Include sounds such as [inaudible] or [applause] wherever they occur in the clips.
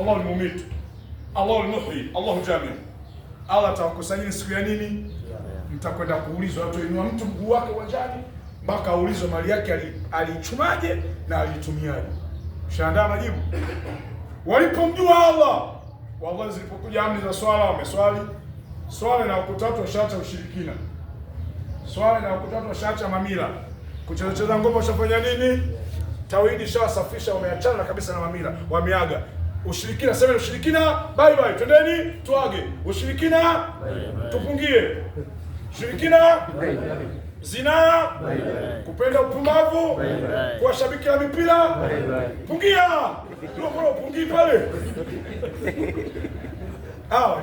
Allah mumitu, Allahu muhyi, Allahu jami. Allah atawakusanyia siku ya nini? Mtakwenda kuulizwa. Watu inua mtu mguu wake uwanjani mpaka aulizwe mali yake alichumaje na alitumiaje. Ushaandaa majibu? Walipomjua Allah, wallahi, zilipokuja amri za swala wameswali swala na wakutatu washaacha ushirikina, swala na wakutatu washaacha mamila, kuchezacheza ngoma. Ushafanya nini? Tawhidi shawasafisha, wameachana kabisa na mamila, wameaga Ushirikina, sema ushirikina, bye bye, twendeni tuage. Ushirikina tupungie. Ushirikina zina, kupenda upumbavu, kuwa shabiki mipira, pungia lokolo, upungii pale [laughs] hawa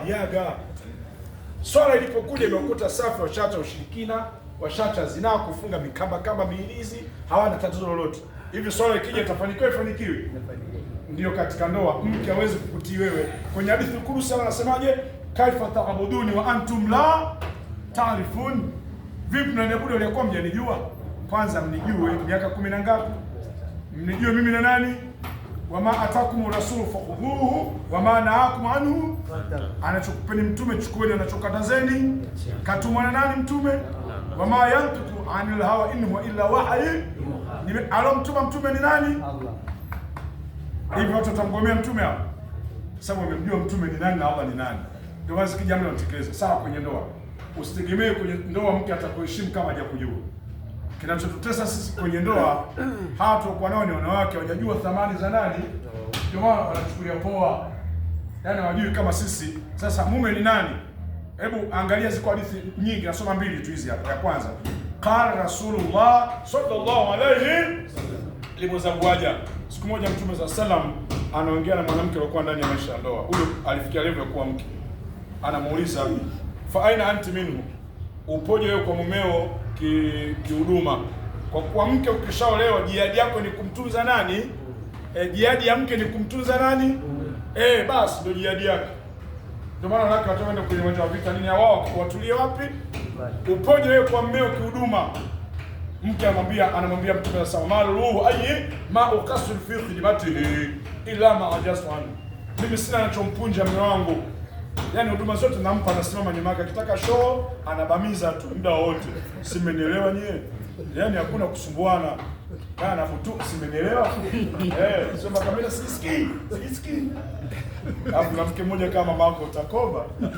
Swala ilipokuja imekuta safi, washacha ushirikina, washacha zinaa, kufunga mikamba kama miilizi, hawana tatizo lolote. Hivi swala ikija itafanikiwa ifanikiwe ndio katika ndoa. Mke hawezi kukutii wewe. Kwenye hadithi kurusi anasemaje? Kaifa taabuduni wa antum la taarifun, vipi mnaniabudu waliokuwa mjanijua? Kwanza mnijue miaka kumi na ngapi, mnijue mimi na nani. Wama atakum rasulu fakhudhuhu wama naakum anhu, anachokupeni mtume chukueni, anachokatazeni katumwa na nani mtume? Wama yantiku anil hawa in huwa illa wahyi, alomtuma mtume ni nani? Allah. Hivi watu watamgomea mtume hapo? Sababu wamemjua mtume ni nani na Allah ni nani. Ndio basi kijana anatekeleza. Sawa kwenye ndoa. Usitegemee kwenye ndoa mke atakuheshimu kama hajakujua. Kinachotutesa sisi kwenye ndoa [clears throat] hawatakuwa nao ni wanawake wajajua thamani za nani? Ndio maana wanachukulia poa. Yaani hawajui kama sisi sasa mume ni nani? Hebu angalia ziko hadithi nyingi, nasoma mbili tu hizi hapa. Ya kwanza, qala Rasulullah sallallahu alayhi wasallam limozabwaja Siku moja Mtume za salam anaongea na mwanamke alikuwa ndani ya maisha ya ndoa, huyo alifikia level ya kuwa mke, anamuuliza fa aina anti minhu, upoje wewe kwa mumeo kihuduma ki kwa kuwa mke ukishaolewa jihadi yako ni kumtunza nani? E, eh, jihadi ya mke ni kumtunza nani? E, basi ndio jihadi yake. Ndio maana wanawake wataenda kwenye uwanja wa vita nini, wao watulie wapi? Upoje wewe kwa mmeo kihuduma mke anamwambia anamwambia mtume sasa, maluhu ayi ma ukasul fi khidmatihi ila ma ajasu anhu, mimi sina anachompunja mume wangu, yani huduma zote nampa, anasimama nyuma yake, akitaka show anabamiza tu muda wote. Simenielewa nyie? Yani hakuna kusumbuana kana yaani na mtu, simenielewa [laughs] eh? Sio makamera, sisikii sisikii. Hapo na mke mmoja kama mako utakoba. [laughs]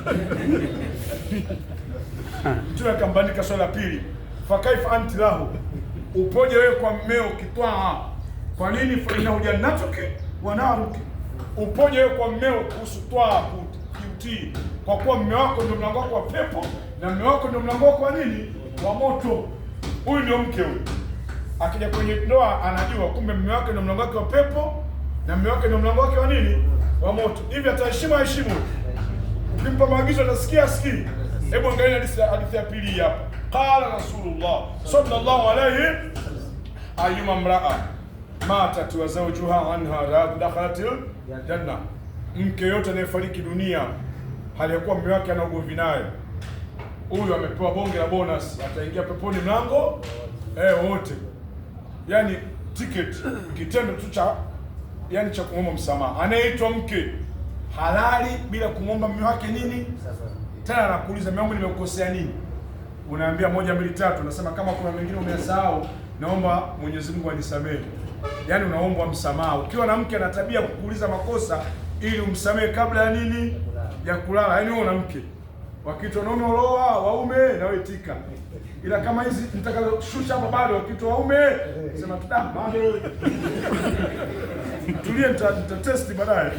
Mtume akambandika swala pili fakaifa anti lahu, upoje wewe kwa mmeo kitwaa, kwa nini? fainahu jannatuki wa upoje wewe kwa mmeo kuhusu twaa, kiutii, kwa kuwa mme wako ndio mlango wako wa pepo na mme wako ndio mlango wako wa nini, wa moto. Huyu ndio mke huyu, akija kwenye ndoa anajua kumbe mme wake ndio mlango wake wa pepo na mme wake ndio mlango wake wa nini, wa moto. Hivi ataheshima heshimu, ukimpa maagizo atasikia asikii Hebu angalia hadithi ya pili hapa. Qala Rasulullah sallallahu alayhi ayuma mraa matat wa zawjuha anha dakhalat janna, mke yote anayefariki dunia hali ya kuwa mume wake ana ugomvi naye, huyu amepewa bonge la bonus, ataingia peponi mlango eh wote. Yani ticket, kitendo tu cha yani cha kuomba msamaha, anayeitwa mke halali bila kumwomba mume wake nini tena anakuuliza mume wangu, nimekukosea nini? Unaambia moja, mbili, tatu. Unasema kama kuna mengine umesahau, naomba Mwenyezi Mungu anisamehe. Yaani unaomba msamaha. Ukiwa na mke anatabia kukuuliza makosa ili umsamehe kabla ya nini? Ya kulala. Yaani wewe na mke. Wakati wanaume uloa waume na wetika ila kama hizi nitakazoshusha hapa bado kitu waume sema bado tulie, nitatesti baadaye.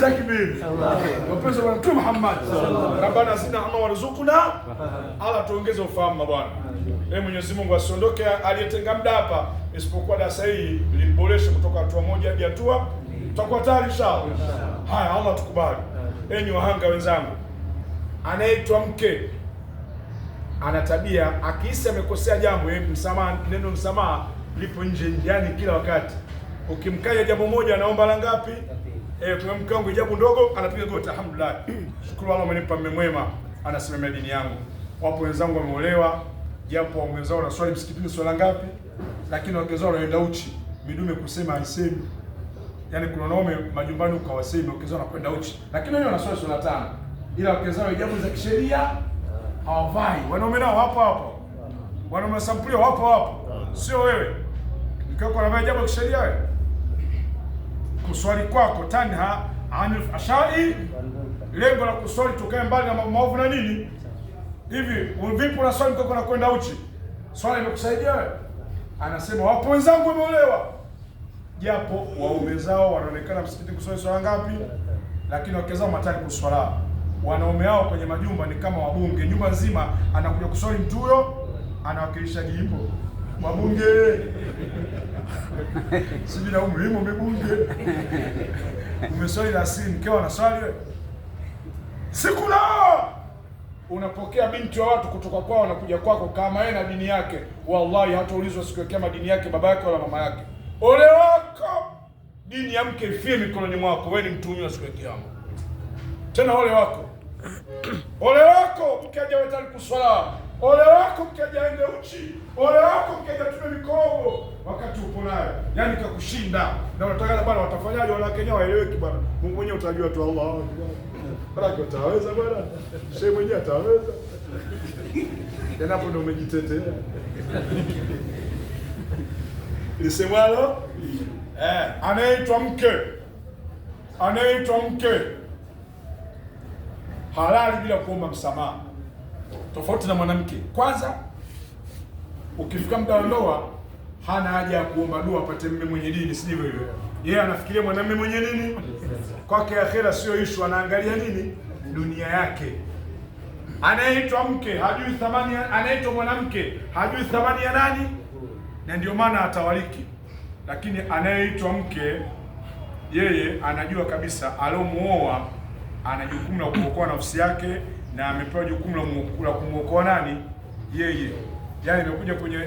Takbir! Wapenzi wa Mtume Muhammad, rabbana zidna ilma warzuqna. Allah, tuongeze ufahamu bwana. Ee Mwenyezi Mungu, asiondoke aliyetenga muda hapa, isipokuwa darasa hii liboreshe kutoka hatua moja hadi hatua. Tutakuwa tayari inshallah. Haya, Allah tukubali. Enyi wahanga wenzangu, anaitwa mke ana tabia akihisi amekosea jambo, msamaha, neno msamaha lipo nje njiani kila wakati. Ukimkaja jambo moja anaomba la ngapi? Eh, kwa mke wangu jambo ndogo anapiga goti, alhamdulillah, shukuru Allah, amenipa mume mwema, anasimamia dini yangu. Wapo wenzangu wameolewa, japo wenzao wanaswali msikitini swala ngapi, lakini wake zao wanaenda uchi, midume kusema aisemi. Yaani kuna wanaume majumbani ukawasemi wake zao wanakwenda uchi, lakini wao wanaswali swala tano, ila wake zao jambo za kisheria hawavai. Wanaume nao hapo hapo, wanaume sampulio hapo hapo, sio wewe. Mkiwako anavaa jambo kisheria, wewe kuswali kwako tanha anil fashai, lengo la kuswali tukae mbali na maovu na nini hivi. Vipi unaswali mkiwako nakwenda uchi, swala imekusaidia wewe? Anasema wapo wenzangu wameolewa, japo waume zao wanaonekana msikiti kuswali swala ngapi, lakini wake zao matari kuswala wanaume hao kwenye majumba ni kama wabunge. Nyumba nzima anakuja kuswali mtu huyo, anawakilisha jimbo, wabunge [laughs] sijui na umuhimu mbunge umeswali la simu, mkeo anaswali wewe, sikula unapokea binti wa watu kutoka kwao, wanakuja kwako, kama yeye na dini yake, wallahi hataulizwa siku yake dini yake baba yake wala mama yake. Ole wako dini ya mke ifie mikononi mwako, wewe ni mtuhumiwa siku ya kiyama. Tena ole wako Ole wako mkaja wetani kuswala, ole wako mkaja ende uchi, ole wako mkaja tume mikogo wakati upo nayo, yaani kakushinda na unataka bwana, watafanyaje? Wanakenya waeleweki bwana, Mungu mwenyewe utajua tu. Allah baraka, utaweza bwana, shehe mwenyewe ataweza yanapo, ndio umejitetea lisemwalo eh, anaitwa mke, anaitwa mke halali bila kuomba msamaha, tofauti na mwanamke. Kwanza ukifika muda wa ndoa, hana haja ya kuomba dua apate mume mwenye dini, si ndivyo? Hivyo yeye anafikiria mwanamume mwenye nini kwake akhera sio ishu, anaangalia nini dunia yake. Anayeitwa mke hajui thamani, anaitwa mwanamke hajui thamani ya nani, na ndio maana atawaliki. Lakini anayeitwa mke yeye anajua kabisa alomuoa ana jukumu la kuokoa nafsi yake na amepewa jukumu la kumwokoa nani? Yeye. Yaani imekuja kwenye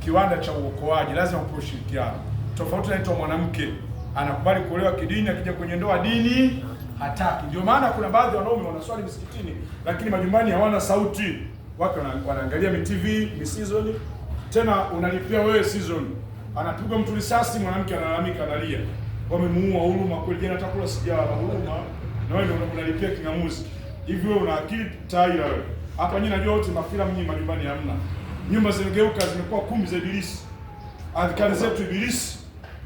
kiwanda cha uokoaji, lazima kuwe ushirikiano. Tofauti naitwa mwanamke anakubali kuolewa kidini, akija kwenye ndoa dini hataki. Ndio maana kuna baadhi ya wanaume wanaswali msikitini, lakini majumbani hawana sauti, wake wanaangalia mitv season, tena unalipia wewe season. Anapigwa mtu risasi, mwanamke analalamika, analia, wamemuua. Huruma kweli, jana atakula sijala huruma na wewe ndio unalipia king'amuzi. Hivi wewe una akili tai wewe? Hapa nyinyi najua wote mafilamu nyinyi majumbani hamna. Nyumba zimegeuka zimekuwa kumbi za ibilisi. Adhikari zetu ibilisi.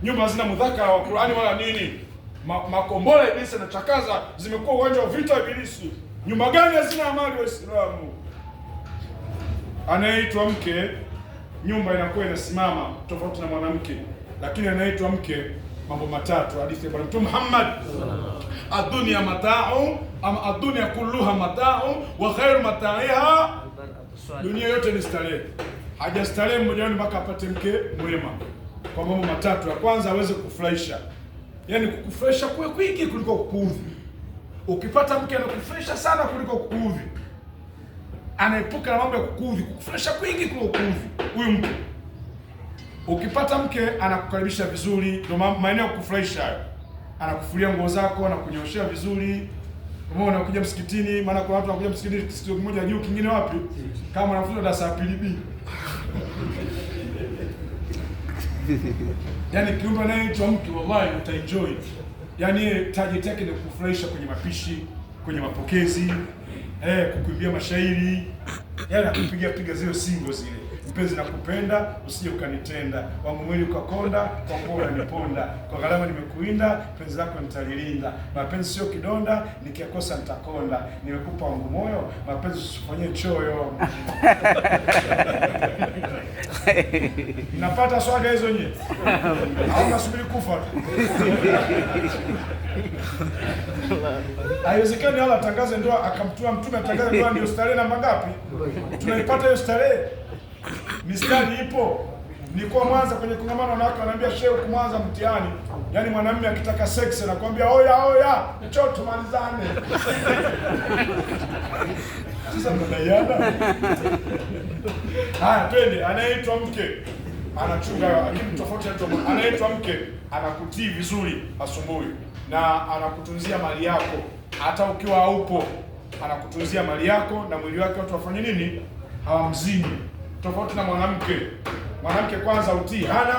Nyumba hazina mudhaka wa Qur'ani wala nini. Ma, makombora ibilisi yanachakaza zimekuwa uwanja wa vita ibilisi. Nyumba gani hazina amali wa Waislamu? Anayeitwa mke nyumba inakuwa inasimama tofauti na mwanamke, lakini anaitwa mke mambo matatu, hadithi ya Bwana Mtume Muhammad adunia matau ama adunia kulluha matau wa khairu mataiha, dunia yote ni starehe. Hajastarehe mmojawapo mpaka apate mke mwema, kwa mambo matatu. Ya kwanza aweze kufurahisha, yani kukufurahisha kwa kwingi kuliko kukuudhi. Ukipata mke anakufurahisha sana kuliko kukuudhi, anaepuka na mambo ya kukuudhi, kukufurahisha kwingi kuliko kukuudhi, huyu mke. Ukipata mke anakukaribisha vizuri, ndio maeneo ya kukufurahisha hayo anakufulia nguo zako, anakunyoshea vizuri. Umeona, unakuja msikitini, maana kuna watu wanakuja msikitini siku moja juu kingine wapi, kama wanafunzi wa darasa pili B [laughs] yaani kiumbe anayeitwa mtu wallahi utaenjoy. Yaani taji yake ni kufurahisha kwenye mapishi, kwenye mapokezi, eh, kukuimbia mashairi, yaani akupiga piga zile singo zile mpenzi nakupenda, usije ukanitenda, wangu mwili ukakonda, kwa kuwa unaniponda, kwa gharama nimekuinda, penzi lako nitalilinda. Mapenzi sio kidonda, nikiakosa nitakonda, nimekupa wangu moyo, mapenzi usifanyie choyo. Napata swaga hizo nyinyi au nasubiri kufa? Haiwezekani, hala atangaze ndoa akamtua mtume atangaze ndoa ndio starehe namba ngapi? Tunaipata hiyo starehe mistari ipo. Nilikuwa Mwanza kwenye kongamano, wanawake wanaambia shehe, huku Mwanza mtihani, yaani mwanamume akitaka seksi nakwambia oya oya, njoo tumalizane. [laughs] Sasa mnadaiana [laughs] haya, twende. Anayeitwa mke anachunga, lakini tofauti na anayeitwa mke anakutii vizuri asubuhi na anakutunzia mali yako, hata ukiwa haupo anakutunzia mali yako na mwili wake. Watu wafanye nini? Hawamzini tofauti na mwanamke. Mwanamke kwanza utii hana,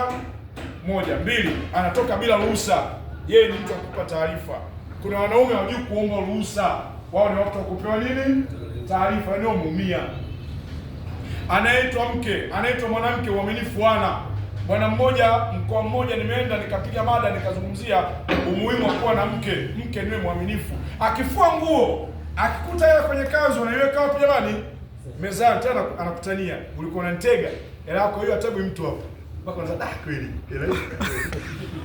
moja mbili, anatoka bila ruhusa, yeye ni mtu akupa taarifa. Kuna wanaume hawajui kuomba ruhusa, wao ni watu wakupewa nini, taarifa inayomuumia. Yaani anaitwa mke, anaitwa mwanamke, uaminifu ana Bwana mmoja mkoa mmoja nimeenda nikapiga mada nikazungumzia umuhimu wa kuwa na mke. Mke niwe mwaminifu, akifua nguo akikuta yeye kwenye kazi, anaiweka wapi jamani? meza tena anakutania ulikuwa unanitega hela yako hiyo atagwi mtu hapo mpaka unaza ah, kweli hela hiyo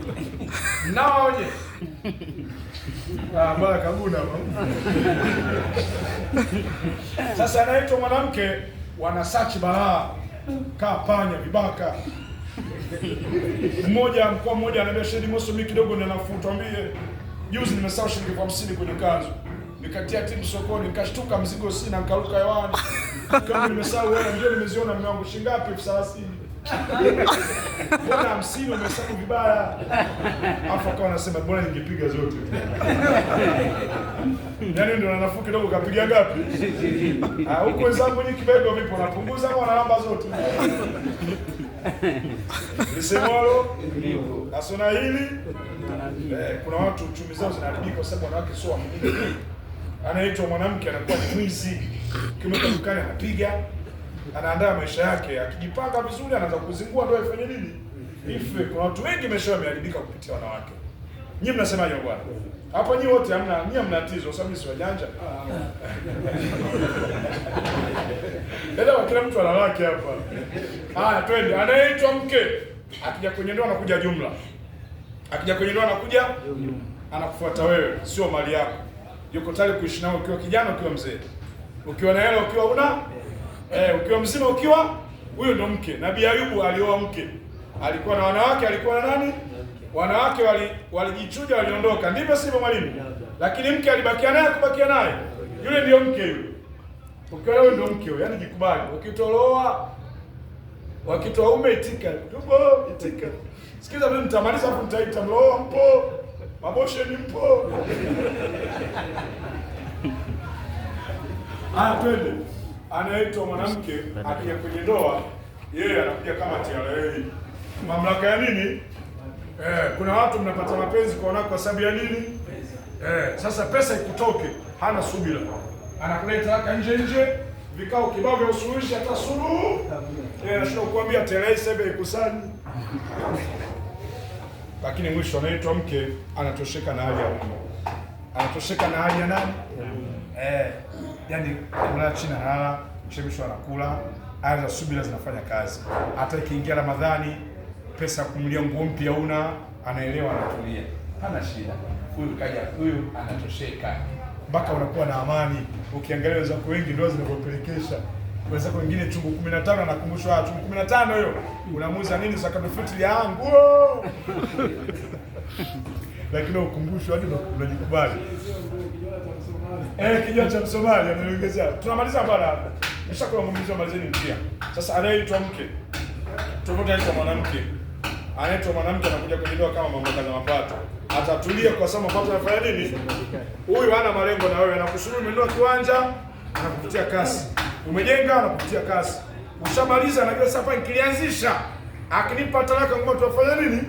[laughs] naoje ah bwana kabuna hapo [laughs] sasa anaitwa mwanamke wanasachi balaa kaa panya vibaka mmoja mkoa mmoja anambia shedi moso mimi kidogo nafuta nafutuambie juzi nimesahau shilingi 50 kwenye kanzu nikatia timu sokoni nikashtuka mzigo sina nikaruka hewani kama nimesahau wewe ndio nimeziona mume wangu shilingi elfu thelathini. Bora hamsini umehesabu vibaya. Alafu akawa anasema bora ningepiga zote. Yaani ndio nanafuki kidogo kapiga ngapi? Ah, wenzangu kwenye kibego vipo wanapunguza au wanalamba zote. Nisemalo ndivyo. Na eh, kuna watu uchumi zao zinaharibika kwa sababu wanawake sio waaminifu anaitwa mwanamke anakuwa ni mwizi, kimetoka dukani anapiga, anaandaa maisha yake, akijipanga vizuri anaanza kuzingua ndoa ifanye nini, ife. Kuna watu wengi maisha yameharibika kupitia wanawake. Nyinyi mnasemaje bwana? Hapa nyinyi wote hamna, nyinyi hamna tatizo sababu si wajanja. [laughs] Elewa kila mtu ana lake hapa. Haya twende. Anaitwa mke akija kwenye ndoa anakuja jumla. Akija kwenye ndoa anakuja anakufuata wewe, sio mali yako yuko tayari kuishi nao, ukiwa kijana, ukiwa mzee, ukiwa na hela, ukiwa una eh, ukiwa mzima, ukiwa huyo ndo mke. Nabii Ayubu alioa mke, alikuwa na wanawake, alikuwa na nani? Wanawake wali walijichuja, waliondoka, ndivyo sivyo mwalimu? Lakini mke alibakia naye, kubakia naye, yule ndio mke yule. Ukiwa wewe ndo mke wewe, yani jikubali. Ukitoloa wakitoa ume itika, tupo itika. Sikiza mimi nitamaliza hapo, mtaita mloo mpo ni mpo? [laughs] Haya, twende. Anaitwa mwanamke akija kwenye ndoa, yeye anakuja kama TRA. Mamlaka ya nini? Eh, kuna watu mnapata mapenzi kwa wanako kwa sababu ya nini? Eh, sasa pesa ikutoke, hana subira. Anakuleta haka nje nje, vikao kibao vya usuluhishi hata suluhu. Eh, anashinda kukuambia TRA sasa ikusanyi lakini mwisho anaitwa mke anatosheka na hali ya mume, anatosheka na hali ya nani? Eh, yani mlachi na hala mchemshwa anakula, aya za subira zinafanya kazi. Hata ikiingia Ramadhani, pesa ya kumlia nguo mpya una, anaelewa, anatulia, hana shida, huyu kaja, huyu anatosheka, mpaka unakuwa na amani. Ukiangalia wenzako wengi ndio zinakopelekesha wenzako wengine chungu 15 nakumbushwa chungu 15 hiyo unamuuza nini zakatul fitri yangu [laughs] lakini ukumbushwa hadi unajikubali eh kijana cha Msomali ameongezea tunamaliza bwana kisha kuna mwingizo malizeni pia sasa anayeitwa mke tofauti na mwanamke anaitwa mwanamke anakuja kujilewa kama mamlaka za mapato atatulia kwa sababu mapato yanafanya nini huyu hana malengo na wewe anakusubiri umenunua kiwanja anakupitia kasi umejenga na kupitia kazi, ushamaliza na sasa safari kilianzisha akinipa talaka ngoma, tuwafanya nini?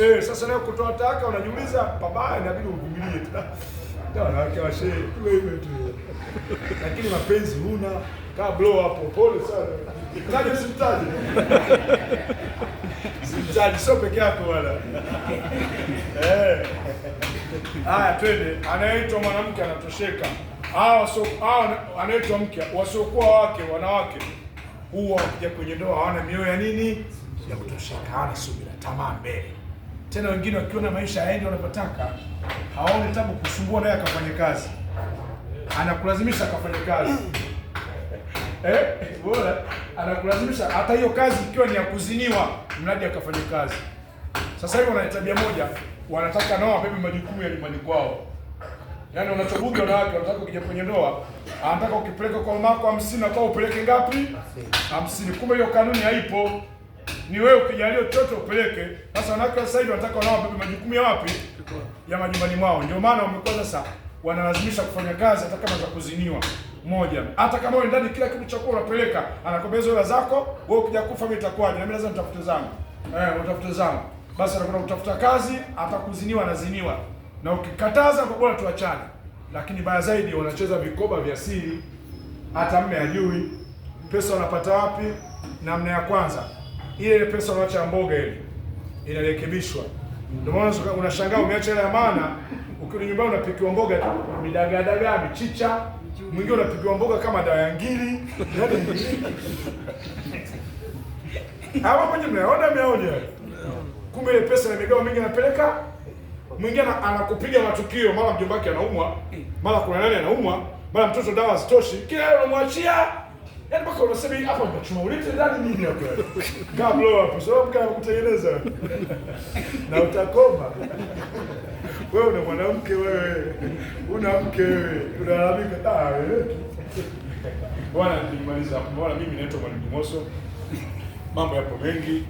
Eh, eh, sasa leo kutoa talaka unajiuliza, pabaya inabidi uvumilie tu [laughs] ndio wanawake washe wewe tuwe tu, lakini mapenzi huna kaa blow hapo. Pole sana, kaje simtaje, simtaje [laughs] sio peke yako wala [laughs] eh. Haya, twende, Anaitwa mwanamke anatosheka hawa anaitwa mke wasiokuwa wake wanawake huwa wakija kwenye ndoa hawana mioyo ya nini ya kutosheka, hawana subira, tamaa mbele. Tena wengine wakiona maisha yaende wanapotaka, hawaone tabu kusumbua naye akafanya kazi, anakulazimisha akafanya kazi [clears throat] eh, bora anakulazimisha hata hiyo kazi ikiwa ni ya kuziniwa, mradi akafanya kazi. Sasa hivi wana tabia moja, wanataka nao wabebe majukumu ya nyumbani kwao Yaani na watu wanataka ukija kwenye ndoa, anataka ukipeleka kwa mamako 50 na kwa upeleke ngapi? 50. Kumbe hiyo kanuni haipo. Ni wewe ukijalio chochote upeleke. Sasa wanawake sasa hivi wanataka wanao wabebe majukumu ya wapi? Ya majumbani mwao. Ndio maana wamekuwa sasa wanalazimisha kufanya kazi hata kama za kuziniwa. Moja. Hata kama wewe ndani kila kitu chakula unapeleka, anakwambia hela zako, wewe ukija kufa mimi nitakuaje? Na mimi lazima nitafute zangu. Eh, utafute zangu. Basi anakwenda kutafuta kazi, atakuziniwa na anaziniwa na ukikataza kwa bora tuachane. Lakini baya zaidi wanacheza vikoba vya siri, hata mme ajui pesa wanapata wapi. Namna ya kwanza ile pesa unaacha mboga ile inarekebishwa. Ndio maana unashangaa umeacha ile amana, ukiwa nyumbani unapikiwa mboga midagaa dagaa michicha, mwingine unapikiwa mboga kama dawa ya ngili hapo kwenye mnaona mnaona, kumbe ile pesa na migao mingi napeleka mwingine anakupiga matukio, mara mjomba wake anaumwa, eh. mara kuna nani anaumwa, mara mtoto dawa zitoshi, kila unamwachia yaani mpaka unasema hii hapa nimechuma ulete ndani nini hapa kabla hapo, sababu kama kutengeneza na utakoma wewe. Una mwanamke wewe, una mke wewe, unalalamika ah wewe bwana. Nimaliza hapo bwana. Mimi naitwa Mwalimu Moso, mambo yapo mengi,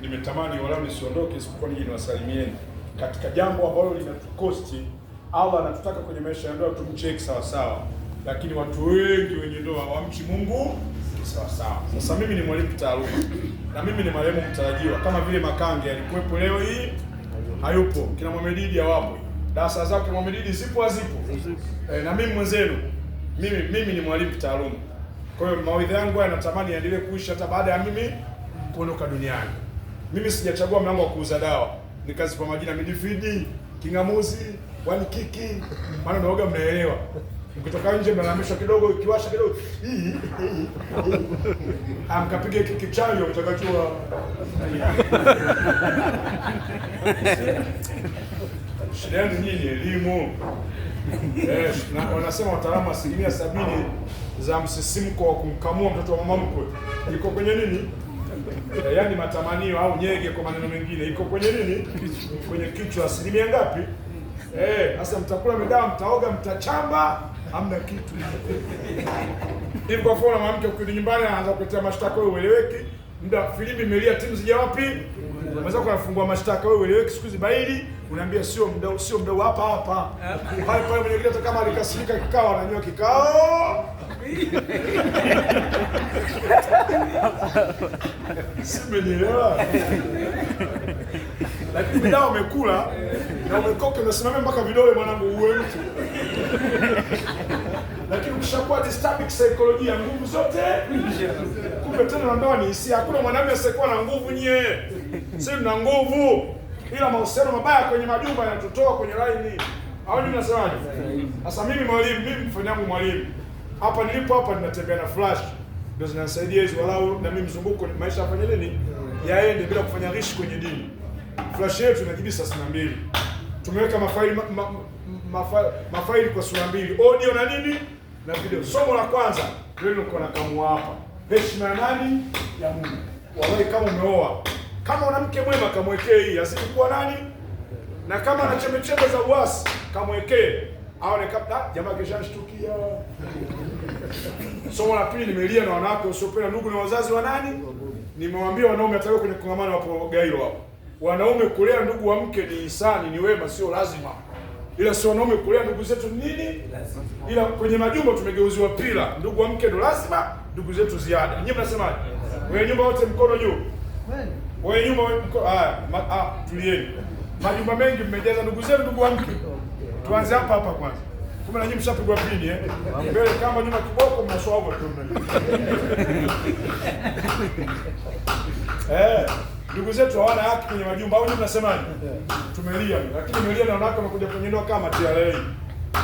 nimetamani wala nisiondoke isipokuwa nije niwasalimieni katika jambo ambalo linatukosti. au anatutaka kwenye maisha ya ndoa tumcheki sawa sawa, lakini watu wengi wenye ndoa hawamchi Mungu sawa sawa. Sasa mimi ni mwalimu taaluma na mimi ni marehemu mtarajiwa, kama vile Makange alikuwepo, leo hii hayupo, kina Mwamedidi hawapo, darasa zake Mwamedidi zipo hazipo, e, na mimi mwenzenu, mimi mimi ni mwalimu taaluma. Kwa hiyo mawaidha yangu haya natamani yaendelee kuishi hata baada ya mimi kuondoka duniani. Mimi sijachagua mlango wa kuuza dawa ni kazi kwa majina midifidi, kingamuzi, wanikiki, maana mnaoga mnaelewa. Mkitoka nje mnalamishwa kidogo, ikiwasha kidogo hii hii, amkapige ah, kiki utakachua shida yenu nyinyi ni elimu. Eh, na wanasema wataalamu asilimia sabini za msisimko wa kumkamua mtoto wa mama mkwe iko kwenye nini? Eh, yani matamanio au nyege kwa maneno mengine iko kwenye nini? Kwenye kichwa. Asilimia ngapi? Eh, sasa mtakula midawa, mtaoga, mtachamba, hamna kitu hivi. Kwa mfano mwanamke ukirudi nyumbani anaanza kuletea mashtaka, wewe ueleweki. Muda filimbi imelia, timu zija wapi? Unaweza kufungua mashtaka, wewe ueleweki. Siku hizi baili unaambia sio muda, sio mdau, hapa hapa, eh. pale pale. Mwenye kile kama alikasirika kikao, ananyoa kikao Simenielewa. Lakini bidhaa umekula na umekoka unasimama mpaka vidole mwanangu uwe mtu. Lakini ukishakuwa disturbed saikolojia nguvu zote kumbe tena ndoa ni hisia. Hakuna mwanamume asiyekuwa na nguvu nyie. Sisi tuna nguvu. Ila mahusiano mabaya kwenye majumba yanatutoa kwenye laini. Hao ndio nasemaje? Sasa mimi mwalimu, mimi mfanyangu mwalimu hapa nilipo hapa ninatembea na flash, ndio zinasaidia hizo, walau na mimi mzunguko maisha afanye nini yaende bila kufanya rishi kwenye dini. Flash yetu ina GB 32 tumeweka mafaili ma, ma, mafaili, mafaili kwa sura mbili, audio na nini na video. Somo la kwanza leo na nakamua hapa, heshima ya nani ya Mungu. Wallahi, kama umeoa kama una mke mwema kamwekee hii asikuwa nani, na kama ana za uasi kamwekee aone kabla ah, jamaa keshashtukia. Somo la pili nimelia na wanawake wasiopenda ndugu na wazazi wa nani? Nimewaambia wanaume hatakiwa kwenye kongamano hapo Gairo hapo. Wanaume kulea ndugu wa mke ni hisani, ni wema, sio lazima. Ila sio wanaume kulea ndugu zetu nini? Ila kwenye majumba tumegeuziwa pila. Ndugu wa mke ndo lazima, ndugu zetu ziada. Nyinyi mnasemaje? Wewe nyumba wote mkono juu. Wewe nyumba mkono haya, ah, tulieni. Majumba mengi mmejaza ndugu zenu ndugu wa mke. Tuanze hapa hapa kwanza. Kumbe nanyi mshapigwa pini eh. Mbele kama nyuma kiboko mnaswaga tu mbele. [laughs] Eh, ndugu zetu hawana haki kwenye majumba au nyinyi mnasemaje? Tumelia, lakini tumelia na wanawake wamekuja kwenye ndoa kama TRA.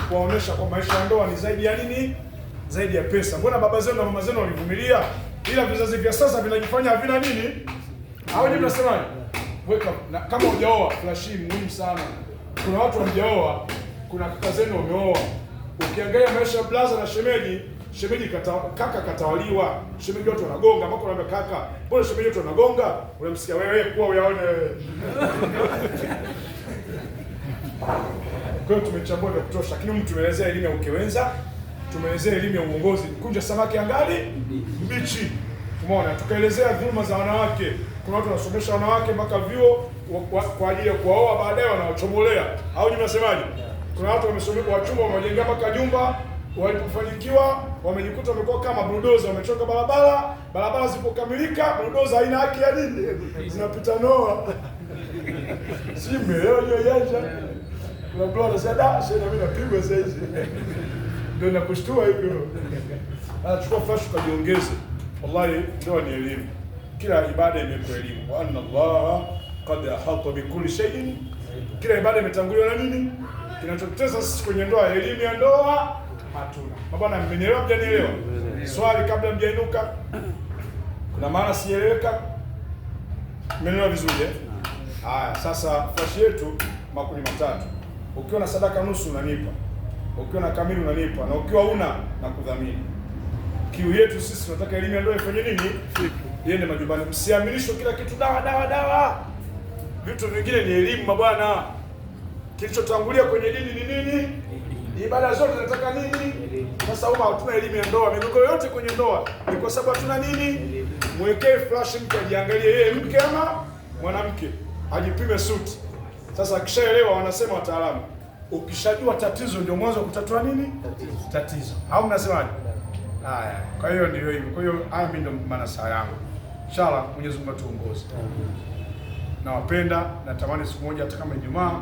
Kuwaonesha kwa maisha ya ndoa ni zaidi ya nini? Zaidi ya pesa. Mbona baba zenu na mama zenu walivumilia? Ila vizazi vya sasa vinajifanya havina nini? Au nyinyi mnasemaje? Weka na, kama hujaoa flashii muhimu sana. Kuna watu hawajaoa kuna kaka zenu wameoa. Ukiangalia maisha ya blaza na shemeji, shemeji kata, kaka katawaliwa, shemeji watu wanagonga, mpaka unaambia kaka, mbona shemeji watu wanagonga? Unamsikia wewe kuwa uyaone wewe. [laughs] Kwa hiyo tumechambua vya kutosha, lakini mtu tumeelezea elimu ya ukewenza, tumeelezea elimu ya uongozi, kunja samaki angali mbichi. Umeona, tukaelezea dhuluma za wanawake. Kuna watu wanasomesha wanawake mpaka vyuo kwa ajili ya kuwaoa, baadaye wanaochomolea au ni mnasemaje? Kuna watu wamesomekwa chumba, wamejengea mpaka jumba, walipofanikiwa wamejikuta wamekuwa kama bulldozer, wamechoka barabara. Barabara zipokamilika, bulldozer haina haki ya nini, zinapita [laughs] noa si mmeelewa hiyo yanja kuna bro anasema da sasa na mimi napigwa sasa hizi [laughs] ndio nakushtua hivyo anachukua flash kajiongeze wallahi ndio ni elimu kila ibada imekuwa elimu wa anna Allah qad ahata bi kulli shay'in kila ibada imetanguliwa na nini kinachotesa sisi kwenye ndoa, elimu ya ndoa hatuna. Mabwana, mmenielewa? Mjanielewa? swali kabla mjainuka, kuna maana sieleweka? Mmenielewa vizuri eh? Haya, sasa flash yetu makumi matatu. Ukiwa na sadaka nusu unanipa, ukiwa na kamili unanipa, na ukiwa una na kudhamini. Kiu yetu sisi tunataka elimu ya ndoa ifanye nini? Iende majumbani. Msiaminishwe kila kitu dawa dawa dawa, vitu vingine ni elimu mabwana. Kilichotangulia kwenye dini ni nini? Ibada zote zinataka nini? Sasa huma hatuna elimu ya ndoa, migogoro yote kwenye ndoa ni kwa sababu hatuna nini? Mwekee flash mke ajiangalie yeye mke ama mwanamke, ajipime suti. Sasa akishaelewa, wanasema wataalamu, ukishajua tatizo ndio mwanzo wa kutatua nini tatizo, au mnasemaje? Haya, kwa hiyo ndio hivyo. Kwa hiyo haya, mimi ndio saa yangu. Inshallah, Mwenyezi Mungu atuongoze. Nawapenda, natamani siku moja hata kama Ijumaa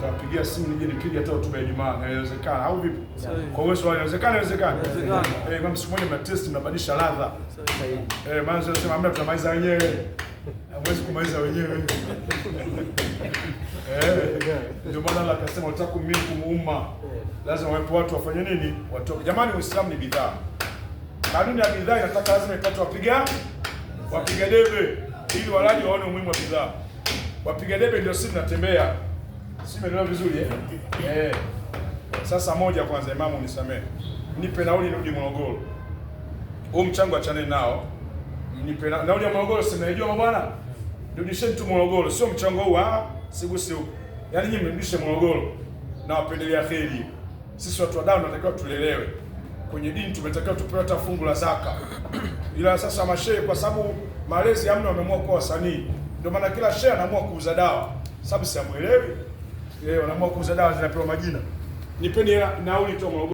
Tapigia simu nije nipige hata hotuba ya Ijumaa, inawezekana au vipi? Kwa hiyo swali inawezekana, inawezekana. Eh, kama siku moja mnatest mnabadilisha ladha. Eh, maana tunasema hamna, tunamaliza wenyewe. Hamwezi kumaliza wenyewe. [laughs] Eh, ndio maana Allah akasema utaku mimi kumuumma. Lazima wapo watu wafanye nini? Watoke. Jamani, Uislamu ni bidhaa. Kanuni ya bidhaa inataka lazima ipate wapiga wapiga debe ili walaji waone umuhimu wa bidhaa. Wapiga debe ndio sisi tunatembea si umeelewa vizuri eh? Eh. Sasa moja kwanza, imamu nisamehe, nipe nauli nirudi Morogoro. Huu mchango achane nao, nipe na, nauli ya Morogoro. Si mnajua mabwana, rudisheni tu Morogoro, sio mchango huu ah, sigusi huko. Yaani nyinyi mrudishe Morogoro na wapendelea kheri. Sisi watu wa damu tunatakiwa tulelewe kwenye dini, tumetakiwa tupewe hata fungu la zaka. Ila sasa mashehe, kwa sababu malezi hamna, wameamua kuwa wasanii, ndio maana kila shehe anaamua kuuza dawa, sababu si amuelewi wanaamua kuuza dawa zinapewa majina. Nipeni nauli tu.